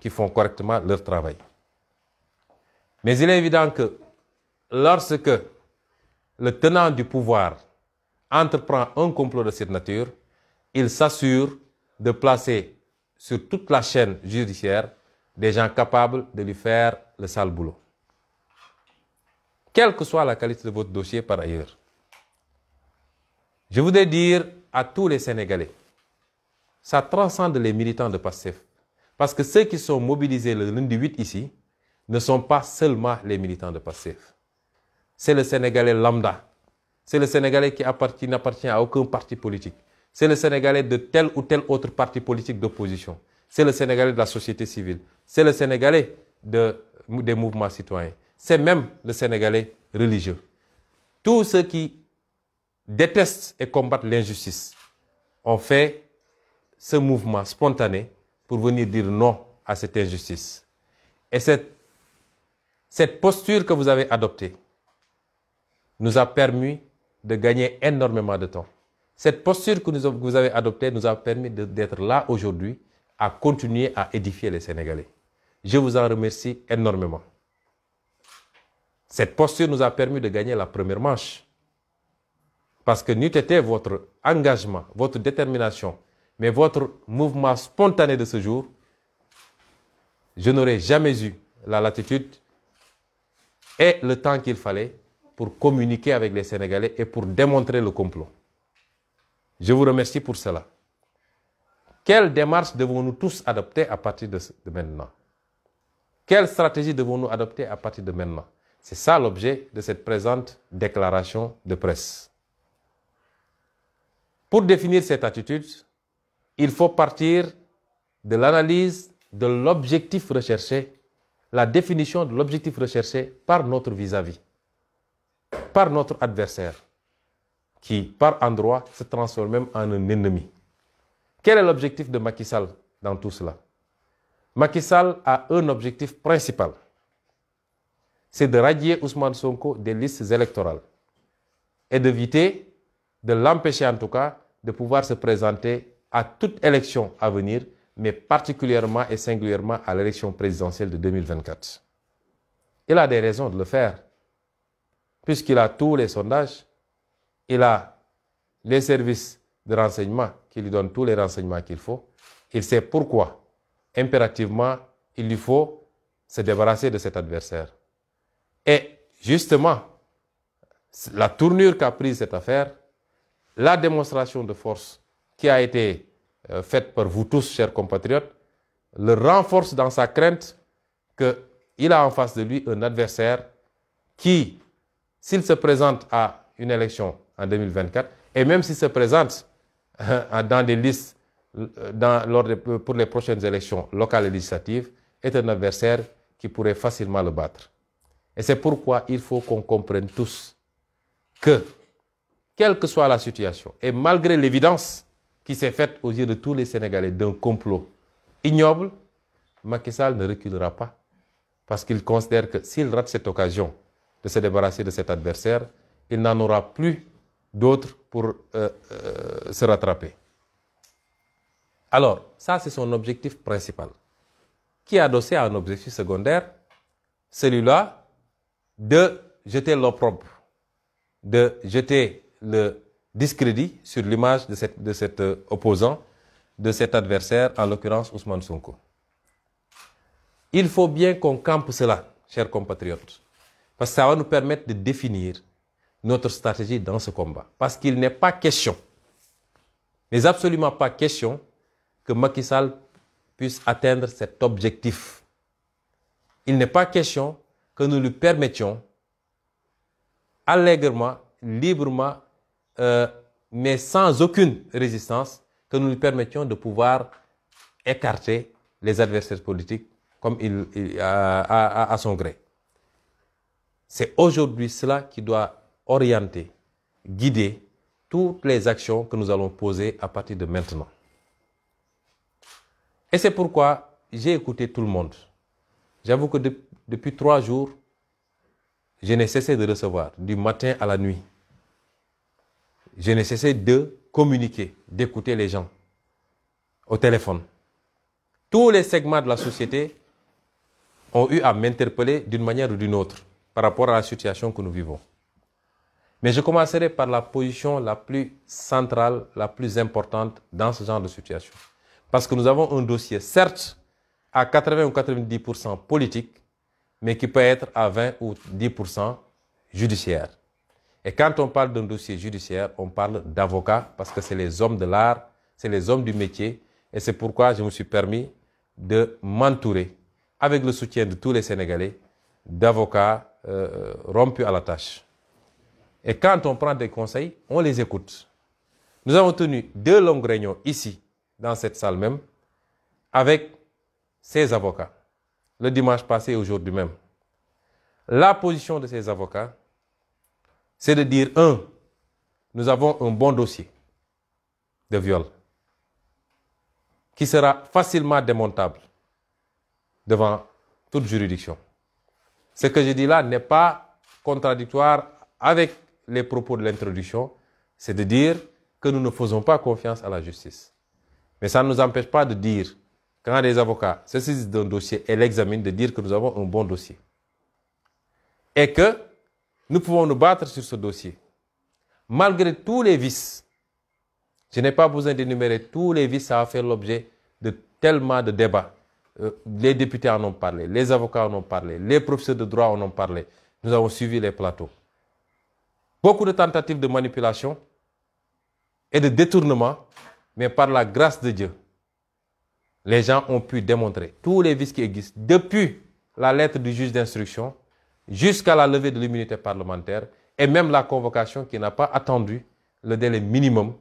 qui font correctement leur travail. Mais il est évident que lorsque le tenant du pouvoir entreprend un complot de cette nature, il s'assure de placer sur toute la chaîne judiciaire des gens capables de lui faire le sale boulot. Quelle que soit la qualité de votre dossier par ailleurs, je voudrais dire à tous les Sénégalais, ça transcende les militants de PASSEF. Parce que ceux qui sont mobilisés le lundi 8 ici ne sont pas seulement les militants de PASSEF. C'est le Sénégalais lambda c'est le Sénégalais qui n'appartient à aucun parti politique. C'est le Sénégalais de tel ou tel autre parti politique d'opposition. C'est le Sénégalais de la société civile. C'est le Sénégalais de, des mouvements citoyens. C'est même le Sénégalais religieux. Tous ceux qui détestent et combattent l'injustice ont fait ce mouvement spontané pour venir dire non à cette injustice. Et cette, cette posture que vous avez adoptée nous a permis de gagner énormément de temps. Cette posture que, vous avez adoptée nous a permis d'être là aujourd'hui à continuer à édifier les Sénégalais. Je vous en remercie énormément. Cette posture nous a permis de gagner la première manche. Parce que n'eût été votre engagement, votre détermination, mais votre mouvement spontané de ce jour, je n'aurais jamais eu la latitude et le temps qu'il fallait pour communiquer avec les Sénégalais et pour démontrer le complot. Je vous remercie pour cela. Quelle démarche devons-nous tous adopter à partir de, maintenant Quelle stratégie devons-nous adopter à partir de maintenant C'est ça l'objet de cette présente déclaration de presse. Pour définir cette attitude, il faut partir de l'analyse de l'objectif recherché, la définition de l'objectif recherché par notre vis-à-vis. vis à vis par notre adversaire, qui, par endroits, se transforme même en un ennemi. Quel est l'objectif de Macky Sall dans tout cela Macky Sall a un objectif principal, c'est de radier Ousmane Sonko des listes électorales et d'éviter, de l'empêcher en tout cas, de pouvoir se présenter à toute élection à venir, mais particulièrement et singulièrement à l'élection présidentielle de 2024. Il a des raisons de le faire puisqu'il a tous les sondages, il a les services de renseignement qui lui donnent tous les renseignements qu'il faut. Il sait pourquoi, impérativement, il lui faut se débarrasser de cet adversaire. Et justement, la tournure qu'a prise cette affaire, la démonstration de force qui a été euh, faite par vous tous, chers compatriotes, le renforce dans sa crainte qu'il a en face de lui un adversaire qui s'il se présente à une élection en 2024, et même s'il se présente euh, dans des listes euh, dans, pour les prochaines élections locales et législatives, est un adversaire qui pourrait facilement le battre. Et c'est pourquoi il faut qu'on comprenne tous que, quelle que soit la situation, et malgré l'évidence qui s'est faite aux yeux de tous les Sénégalais d'un complot ignoble, Macky Sall ne reculera pas parce qu'il considère que s'il rate cette occasion, de se débarrasser de cet adversaire. Il n'en aura plus d'autres pour euh, euh, se rattraper. Alors, ça, c'est son objectif principal, qui est adossé à un objectif secondaire, celui-là de jeter l'opprobre, de jeter le discrédit sur l'image de, cet euh, opposant, de cet adversaire, en l'occurrence Ousmane Sonko. Il faut bien qu'on campe cela, chers compatriotes. Parce que ça va nous permettre de définir notre stratégie dans ce combat. Parce qu'il n'est pas question, n'est absolument pas question que Macky Sall puisse atteindre cet objectif. Il n'est pas question que nous lui permettions allègrement, librement, euh, mais sans aucune résistance, que nous lui permettions de pouvoir écarter les adversaires politiques comme il, à son gré. C'est aujourd'hui cela qui doit orienter, guider toutes les actions que nous allons poser à partir de maintenant. Et c'est pourquoi j'ai écouté tout le monde. J'avoue que depuis trois jours, je n'ai cessé de recevoir, du matin à la nuit. Je n'ai cessé de communiquer, d'écouter les gens au téléphone. Tous les segments de la société ont eu à m'interpeller d'une manière ou d'une autre par rapport à la situation que nous vivons. Mais je commencerai par la position la plus centrale, la plus importante dans ce genre de situation. Parce que nous avons un dossier, certes, à 80 ou 90% politique, mais qui peut être à 20 ou 10% judiciaire. Et quand on parle d'un dossier judiciaire, on parle d'avocats parce que c'est les hommes de l'art, c'est les hommes du métier. Et c'est pourquoi je me suis permis de m'entourer, avec le soutien de tous les Sénégalais, d'avocats euh, rompu à la tâche. Et quand on prend des conseils, on les écoute. Nous avons tenu deux longues réunions ici, dans cette salle même, avec ces avocats, le dimanche passé et aujourd'hui même. La position de ces avocats, c'est de dire, un, nous avons un bon dossier de viol qui sera facilement démontable devant toute juridiction. Ce que je dis là n'est pas contradictoire avec les propos de l'introduction, c'est de dire que nous ne faisons pas confiance à la justice. Mais ça ne nous empêche pas de dire, quand des avocats se saisissent d'un dossier et l'examinent, de dire que nous avons un bon dossier. Et que nous pouvons nous battre sur ce dossier. Malgré tous les vices, je n'ai pas besoin d'énumérer tous les vices, ça a fait l'objet de tellement de débats euh, les députés en ont parlé, les avocats en ont parlé, les professeurs de droit en ont parlé. Nous avons suivi les plateaux. Beaucoup de tentatives de manipulation et de détournement, mais par la grâce de Dieu, les gens ont pu démontrer tous les vices qui existent depuis la lettre du juge d'instruction jusqu'à la levée de l'immunité parlementaire et même la convocation qui n'a pas attendu le délai minimum,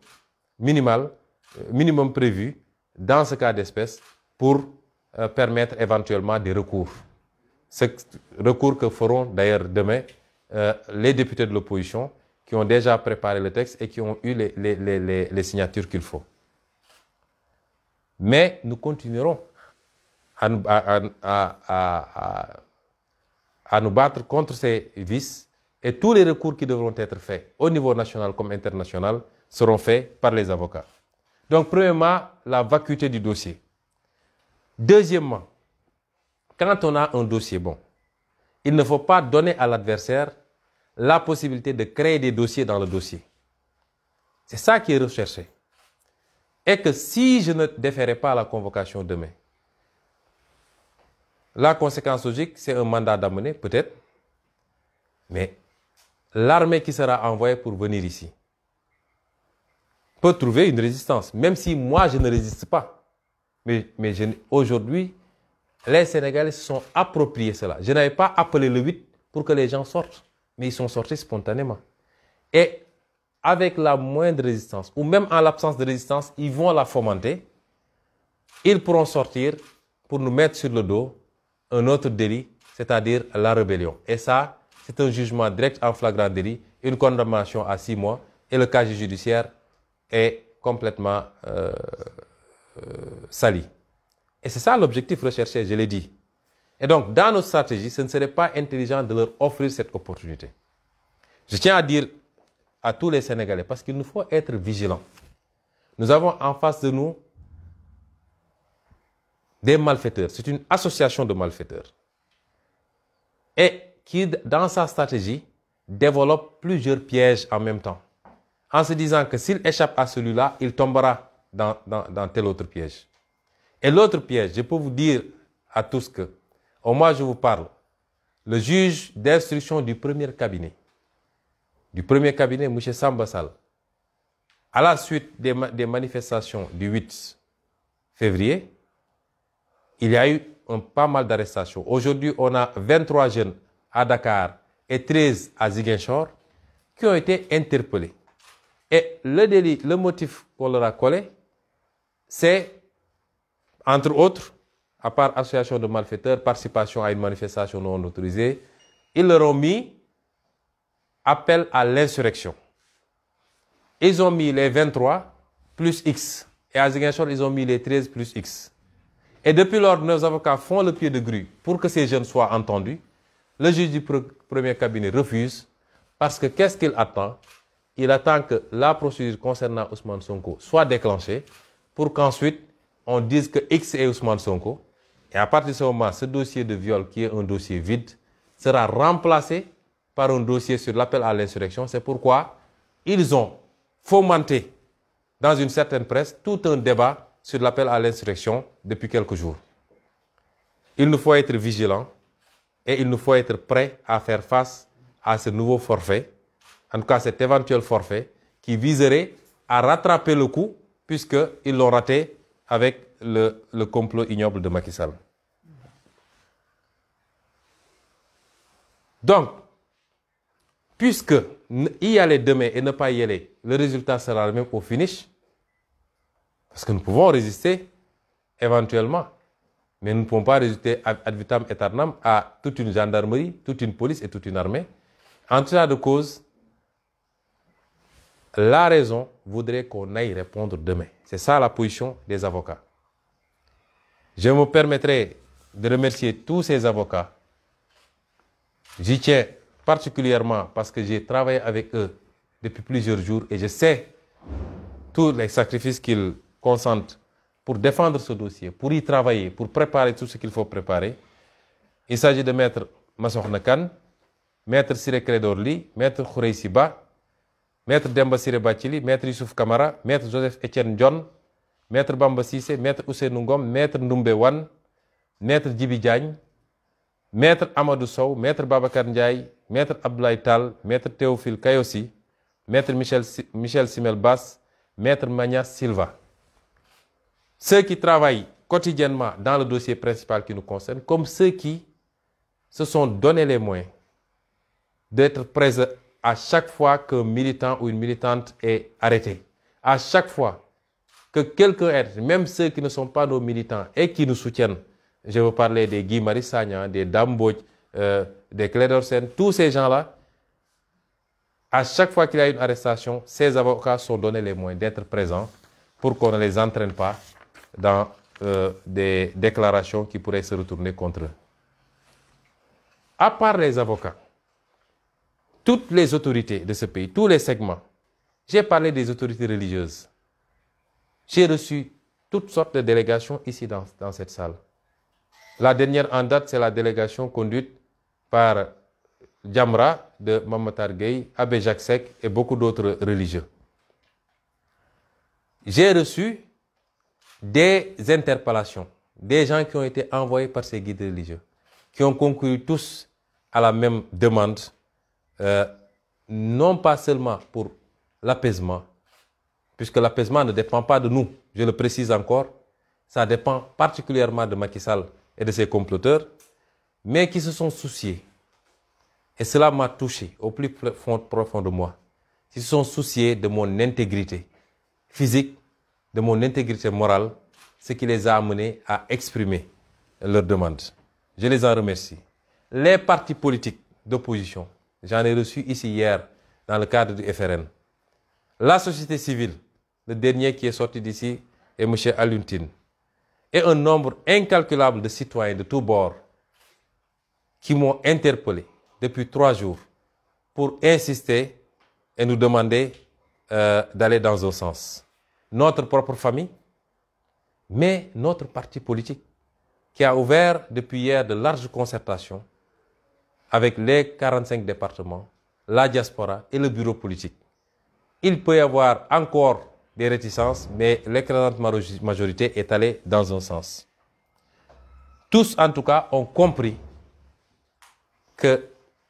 minimal, euh, minimum prévu dans ce cas d'espèce pour euh, permettre éventuellement des recours. Ce recours que feront d'ailleurs demain euh, les députés de l'opposition qui ont déjà préparé le texte et qui ont eu les, les, les, les signatures qu'il faut. Mais nous continuerons à, à, à, à nous battre contre ces vices et tous les recours qui devront être faits au niveau national comme international seront faits par les avocats. Donc, premièrement, la vacuité du dossier. Deuxièmement, quand on a un dossier bon, il ne faut pas donner à l'adversaire la possibilité de créer des dossiers dans le dossier. C'est ça qui est recherché. Et que si je ne déférais pas la convocation demain, la conséquence logique, c'est un mandat d'amener, peut-être, mais l'armée qui sera envoyée pour venir ici peut trouver une résistance, même si moi je ne résiste pas. Mais, aujourd'hui, les Sénégalais se sont appropriés cela. Je n'avais pas appelé le 8 pour que les gens sortent, mais ils sont sortis spontanément. Et avec la moindre résistance, ou même en l'absence de résistance, ils vont la fomenter. Ils pourront sortir pour nous mettre sur le dos un autre délit, c'est-à-dire la rébellion. Et ça, c'est un jugement direct en flagrant délit, une condamnation à six mois, et le cas judiciaire est complètement euh, euh, Sali. Et c'est ça l'objectif recherché, je l'ai dit. Et donc, dans nos stratégies, ce ne serait pas intelligent de leur offrir cette opportunité. Je tiens à dire à tous les Sénégalais, parce qu'il nous faut être vigilants. Nous avons en face de nous des malfaiteurs. C'est une association de malfaiteurs. Et qui, dans sa stratégie, développe plusieurs pièges en même temps. En se disant que s'il échappe à celui-là, il tombera dans, tel autre piège. Et l'autre piège, je peux vous dire à tous que, au moins je vous parle, le juge d'instruction du premier cabinet, du premier cabinet, M. Sambassal, à la suite des, manifestations du 8 février, il y a eu un, pas mal d'arrestations. Aujourd'hui, on a 23 jeunes à Dakar et 13 à Ziguinchor qui ont été interpellés. Et le délit, le motif qu'on leur a collé, c'est, entre autres, à part association de malfaiteurs, participation à une manifestation non autorisée, ils leur ont mis appel à l'insurrection. Ils ont mis les 23 plus X. Et à Ziguinchor, ils ont mis les 13 plus X. Et depuis lors, nos avocats font le pied de grue pour que ces jeunes soient entendus. Le juge du premier cabinet refuse parce que qu'est-ce qu'il attend Il attend que la procédure concernant Ousmane Sonko soit déclenchée pour qu'ensuite on dise que X est Ousmane Sonko. Et à partir de ce moment, ce dossier de viol, qui est un dossier vide, sera remplacé par un dossier sur l'appel à l'insurrection. C'est pourquoi ils ont fomenté dans une certaine presse tout un débat sur l'appel à l'insurrection depuis quelques jours. Il nous faut être vigilants et il nous faut être prêts à faire face à ce nouveau forfait, en tout cas cet éventuel forfait qui viserait à rattraper le coup puisqu'ils l'ont raté avec le, complot ignoble de Macky Sall. Donc, puisque y aller demain et ne pas y aller, le résultat sera le même au finish, parce que nous pouvons résister éventuellement, mais nous ne pouvons pas résister ad vitam aeternam à toute une gendarmerie, toute une police et toute une armée. En tout cas de cause, la raison voudrait qu'on aille répondre demain. C'est ça la position des avocats. Je me permettrai de remercier tous ces avocats. J'y tiens particulièrement parce que j'ai travaillé avec eux depuis plusieurs jours et je sais tous les sacrifices qu'ils consentent pour défendre ce dossier, pour y travailler, pour préparer tout ce qu'il faut préparer. Il s'agit de Maître Massokhna Nakan, Maître Siré Redorli, Maître Siba, maître Demba Bachili, maître Youssouf Kamara, maître Joseph Etienne John, maître Bamba maître Ousse Nungom, maître Ndoumbe Wan, maître Djibi maître Amadou Sow maître Baba Ndiaye maître Abdoulaye maître Théophile Kayosi maître Michel Michel Simel Bass maître Mania Silva ceux qui travaillent quotidiennement dans le dossier principal qui nous concerne comme ceux qui se sont donné les moyens d'être présents à chaque fois qu'un militant ou une militante est arrêté, à chaque fois que quelqu'un est, même ceux qui ne sont pas nos militants et qui nous soutiennent, je veux parler des Guy Marissagna, des Damboj, euh, des Clédorsen, tous ces gens-là, à chaque fois qu'il y a une arrestation, ces avocats sont donnés les moyens d'être présents pour qu'on ne les entraîne pas dans euh, des déclarations qui pourraient se retourner contre eux. À part les avocats, toutes les autorités de ce pays, tous les segments. J'ai parlé des autorités religieuses. J'ai reçu toutes sortes de délégations ici dans, cette salle. La dernière en date, c'est la délégation conduite par Djamra de Mamatar Gueye, Abbé Jacques Sec et beaucoup d'autres religieux. J'ai reçu des interpellations, des gens qui ont été envoyés par ces guides religieux, qui ont conclu tous à la même demande euh, non pas seulement pour l'apaisement, puisque l'apaisement ne dépend pas de nous, je le précise encore, ça dépend particulièrement de Macky Sall et de ses comploteurs, mais qui se sont souciés, et cela m'a touché au plus profond de moi, ils se sont souciés de mon intégrité physique, de mon intégrité morale, ce qui les a amenés à exprimer leurs demandes. Je les en remercie. Les partis politiques d'opposition J'en ai reçu ici hier, dans le cadre du FRN. La société civile, le dernier qui est sorti d'ici, est M. Aluntine. Et un nombre incalculable de citoyens de tous bords qui m'ont interpellé depuis trois jours pour insister et nous demander euh, d'aller dans un sens. Notre propre famille, mais notre parti politique, qui a ouvert depuis hier de larges concertations avec les 45 départements, la diaspora et le bureau politique. Il peut y avoir encore des réticences, mais l'écrasante majorité est allée dans un sens. Tous, en tout cas, ont compris que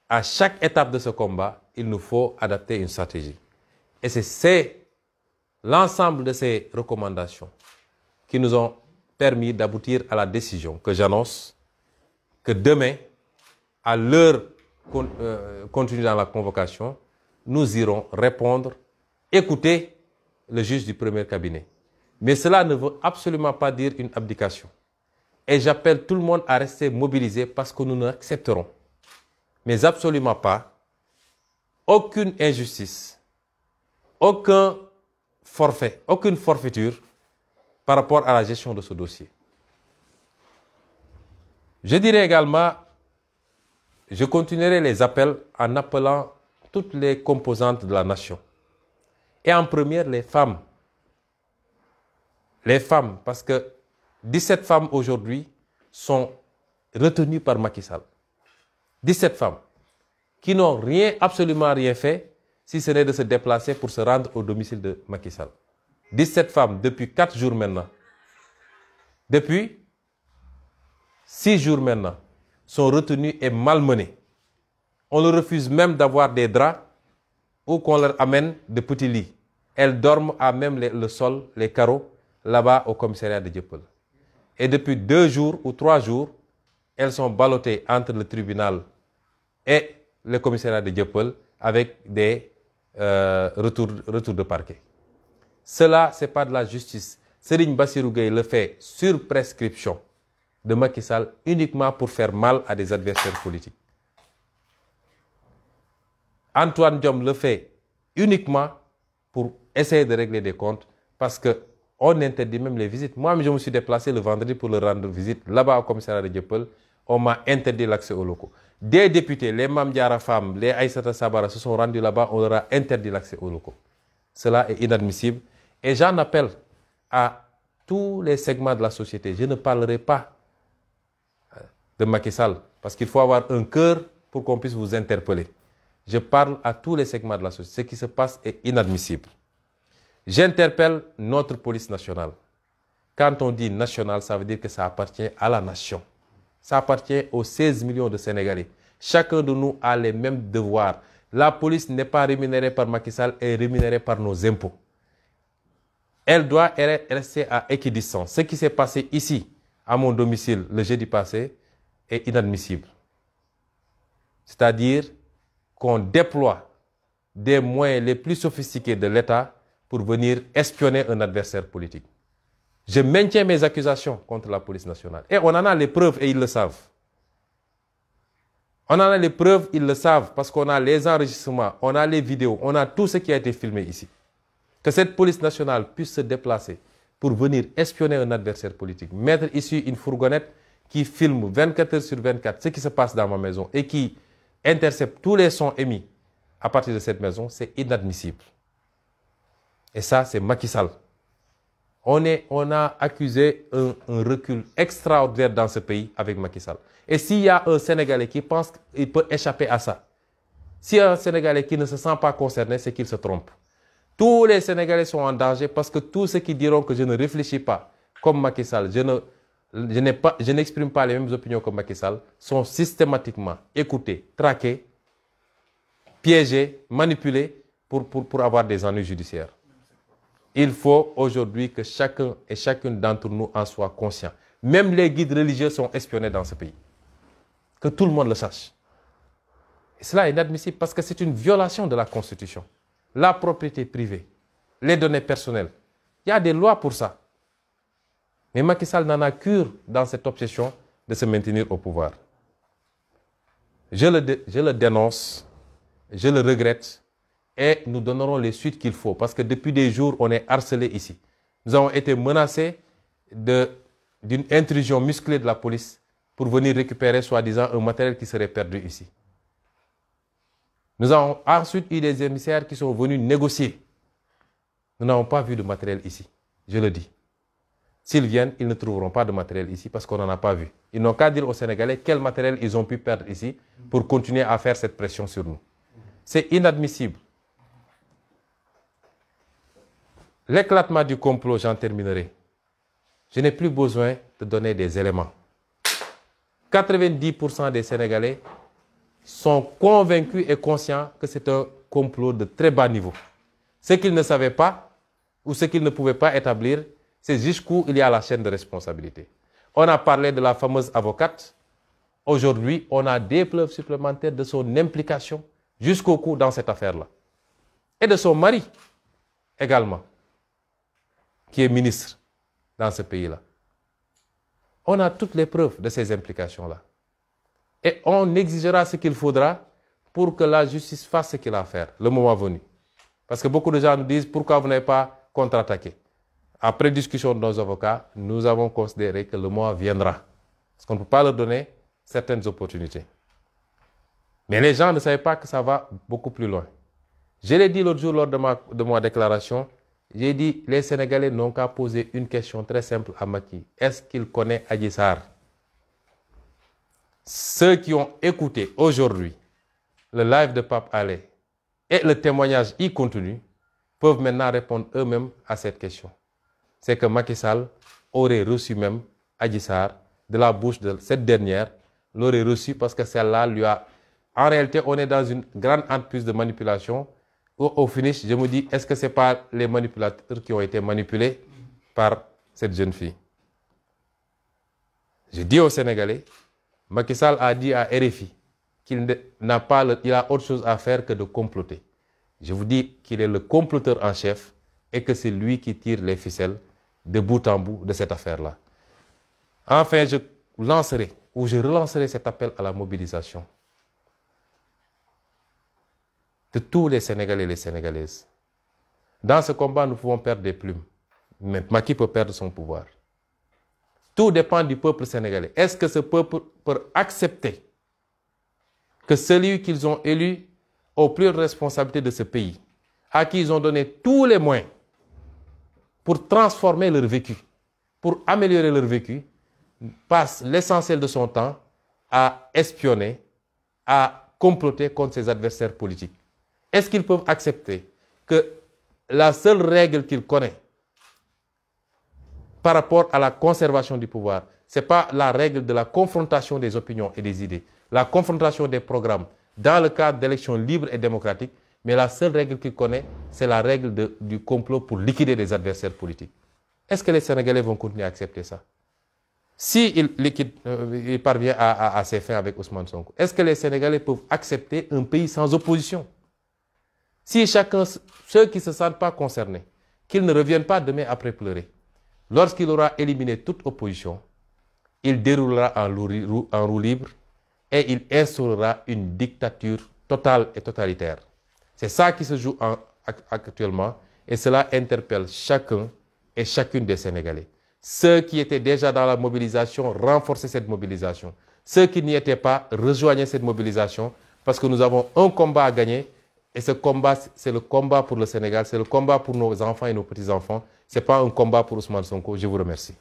à chaque étape de ce combat, il nous faut adapter une stratégie. Et c'est l'ensemble de ces recommandations qui nous ont permis d'aboutir à la décision que j'annonce que demain, à l'heure euh, continue dans la convocation, nous irons répondre, écouter le juge du premier cabinet. Mais cela ne veut absolument pas dire une abdication. Et j'appelle tout le monde à rester mobilisé parce que nous n'accepterons, mais absolument pas, aucune injustice, aucun forfait, aucune forfaiture par rapport à la gestion de ce dossier. Je dirais également je continuerai les appels en appelant toutes les composantes de la nation. Et en première, les femmes. Les femmes, parce que 17 femmes aujourd'hui sont retenues par Macky Sall. 17 femmes qui n'ont rien, absolument rien fait, si ce n'est de se déplacer pour se rendre au domicile de Macky Sall. 17 femmes depuis 4 jours maintenant. Depuis 6 jours maintenant sont retenus et malmenés. On leur refuse même d'avoir des draps ou qu'on leur amène des petits lits. Elles dorment à même le sol, les carreaux, là-bas au commissariat de Dieppel. Et depuis deux jours ou trois jours, elles sont ballottées entre le tribunal et le commissariat de Dieppel avec des euh, retours, retours, de parquet. Cela, ce n'est pas de la justice. Serigne Bassirou le fait sur prescription de Macky Sall uniquement pour faire mal à des adversaires politiques. Antoine Diom le fait uniquement pour essayer de régler des comptes parce qu'on interdit même les visites. Moi, je me suis déplacé le vendredi pour le rendre visite là-bas au commissariat de Diopel. On m'a interdit l'accès aux locaux. Des députés, les Mamdiara femmes, les Aïssata Sabara se sont rendus là-bas, on leur a interdit l'accès aux locaux. Cela est inadmissible. Et j'en appelle à tous les segments de la société. Je ne parlerai pas de Macky Sall, parce qu'il faut avoir un cœur pour qu'on puisse vous interpeller. Je parle à tous les segments de la société. Ce qui se passe est inadmissible. J'interpelle notre police nationale. Quand on dit nationale, ça veut dire que ça appartient à la nation. Ça appartient aux 16 millions de Sénégalais. Chacun de nous a les mêmes devoirs. La police n'est pas rémunérée par Macky Sall, elle est rémunérée par nos impôts. Elle doit rester à équidistance. Ce qui s'est passé ici, à mon domicile, le jeudi passé, est inadmissible. C'est-à-dire qu'on déploie des moyens les plus sophistiqués de l'État pour venir espionner un adversaire politique. Je maintiens mes accusations contre la police nationale. Et on en a les preuves et ils le savent. On en a les preuves, ils le savent, parce qu'on a les enregistrements, on a les vidéos, on a tout ce qui a été filmé ici. Que cette police nationale puisse se déplacer pour venir espionner un adversaire politique, mettre ici une fourgonnette qui filme 24 heures sur 24 ce qui se passe dans ma maison et qui intercepte tous les sons émis à partir de cette maison, c'est inadmissible. Et ça, c'est Macky Sall. On, est, on a accusé un, un, recul extraordinaire dans ce pays avec Macky Sall. Et s'il y a un Sénégalais qui pense qu'il peut échapper à ça, s'il y a un Sénégalais qui ne se sent pas concerné, c'est qu'il se trompe. Tous les Sénégalais sont en danger parce que tous ceux qui diront que je ne réfléchis pas comme Macky Sall, je ne, je n'exprime pas les mêmes opinions que Macky Sall, sont systématiquement écoutés, traqués, piégés, manipulés pour, avoir des ennuis judiciaires. Il faut aujourd'hui que chacun et chacune d'entre nous en soit conscient. Même les guides religieux sont espionnés dans ce pays. Que tout le monde le sache. cela est inadmissible parce que c'est une violation de la Constitution. La propriété privée, les données personnelles. Il y a des lois pour ça. Mais Macky Sall n'en a cure dans cette obsession de se maintenir au pouvoir. Je le, dénonce, je le regrette et nous donnerons les suites qu'il faut parce que depuis des jours, on est harcelé ici. Nous avons été menacés d'une intrusion musclée de la police pour venir récupérer soi-disant un matériel qui serait perdu ici. Nous avons ensuite eu des émissaires qui sont venus négocier. Nous n'avons pas vu de matériel ici, je le dis. S'ils viennent, ils ne trouveront pas de matériel ici parce qu'on n'en a pas vu. Ils n'ont qu'à dire aux Sénégalais quel matériel ils ont pu perdre ici pour continuer à faire cette pression sur nous. C'est inadmissible. L'éclatement du complot, j'en terminerai. Je n'ai plus besoin de donner des éléments. 90% des Sénégalais sont convaincus et conscients que c'est un complot de très bas niveau. Ce qu'ils ne savaient pas ou ce qu'ils ne pouvaient pas établir, c'est jusqu'où il y a la chaîne de responsabilité. On a parlé de la fameuse avocate. Aujourd'hui, on a des preuves supplémentaires de son implication jusqu'au coup dans cette affaire-là. Et de son mari également, qui est ministre dans ce pays-là. On a toutes les preuves de ces implications-là. Et on exigera ce qu'il faudra pour que la justice fasse ce qu'il a à faire, le moment venu. Parce que beaucoup de gens nous disent pourquoi vous n'avez pas contre-attaqué. Après discussion de nos avocats, nous avons considéré que le mois viendra. Parce qu'on ne peut pas leur donner certaines opportunités. Mais les gens ne savaient pas que ça va beaucoup plus loin. Je l'ai dit l'autre jour lors de ma, de ma déclaration, j'ai dit les Sénégalais n'ont qu'à poser une question très simple à Maki. Est-ce qu'il connaît Adjissar Ceux qui ont écouté aujourd'hui le live de Pape Allais et le témoignage y contenu peuvent maintenant répondre eux-mêmes à cette question c'est que Macky Sall aurait reçu même Adji de la bouche de cette dernière, l'aurait reçu parce que celle-là lui a... En réalité, on est dans une grande entreprise de manipulation. au finish, je me dis, est-ce que ce n'est pas les manipulateurs qui ont été manipulés par cette jeune fille Je dis aux Sénégalais, Macky Sall a dit à RFI qu'il n'a pas, il a autre chose à faire que de comploter. Je vous dis qu'il est le comploteur en chef et que c'est lui qui tire les ficelles de bout en bout de cette affaire-là. Enfin, je lancerai ou je relancerai cet appel à la mobilisation de tous les Sénégalais et les Sénégalaises. Dans ce combat, nous pouvons perdre des plumes, mais qui peut perdre son pouvoir. Tout dépend du peuple sénégalais. Est-ce que ce peuple peut accepter que celui qu'ils ont élu au plus responsabilités de ce pays, à qui ils ont donné tous les moyens, pour transformer leur vécu, pour améliorer leur vécu, passe l'essentiel de son temps à espionner, à comploter contre ses adversaires politiques. Est-ce qu'ils peuvent accepter que la seule règle qu'ils connaissent par rapport à la conservation du pouvoir, ce n'est pas la règle de la confrontation des opinions et des idées, la confrontation des programmes dans le cadre d'élections libres et démocratiques, mais la seule règle qu'il connaît, c'est la règle du complot pour liquider les adversaires politiques. Est-ce que les Sénégalais vont continuer à accepter ça S'il si il euh, parvient à, ses fins avec Ousmane Sonko, est-ce que les Sénégalais peuvent accepter un pays sans opposition Si chacun, ceux qui ne se sentent pas concernés, qu'ils ne reviennent pas demain après pleurer, lorsqu'il aura éliminé toute opposition, il déroulera en en roue libre et il instaurera une dictature totale et totalitaire. C'est ça qui se joue actuellement et cela interpelle chacun et chacune des Sénégalais. Ceux qui étaient déjà dans la mobilisation, renforcez cette mobilisation. Ceux qui n'y étaient pas, rejoignez cette mobilisation parce que nous avons un combat à gagner et ce combat, c'est le combat pour le Sénégal, c'est le combat pour nos enfants et nos petits-enfants. Ce n'est pas un combat pour Ousmane Sonko. Je vous remercie.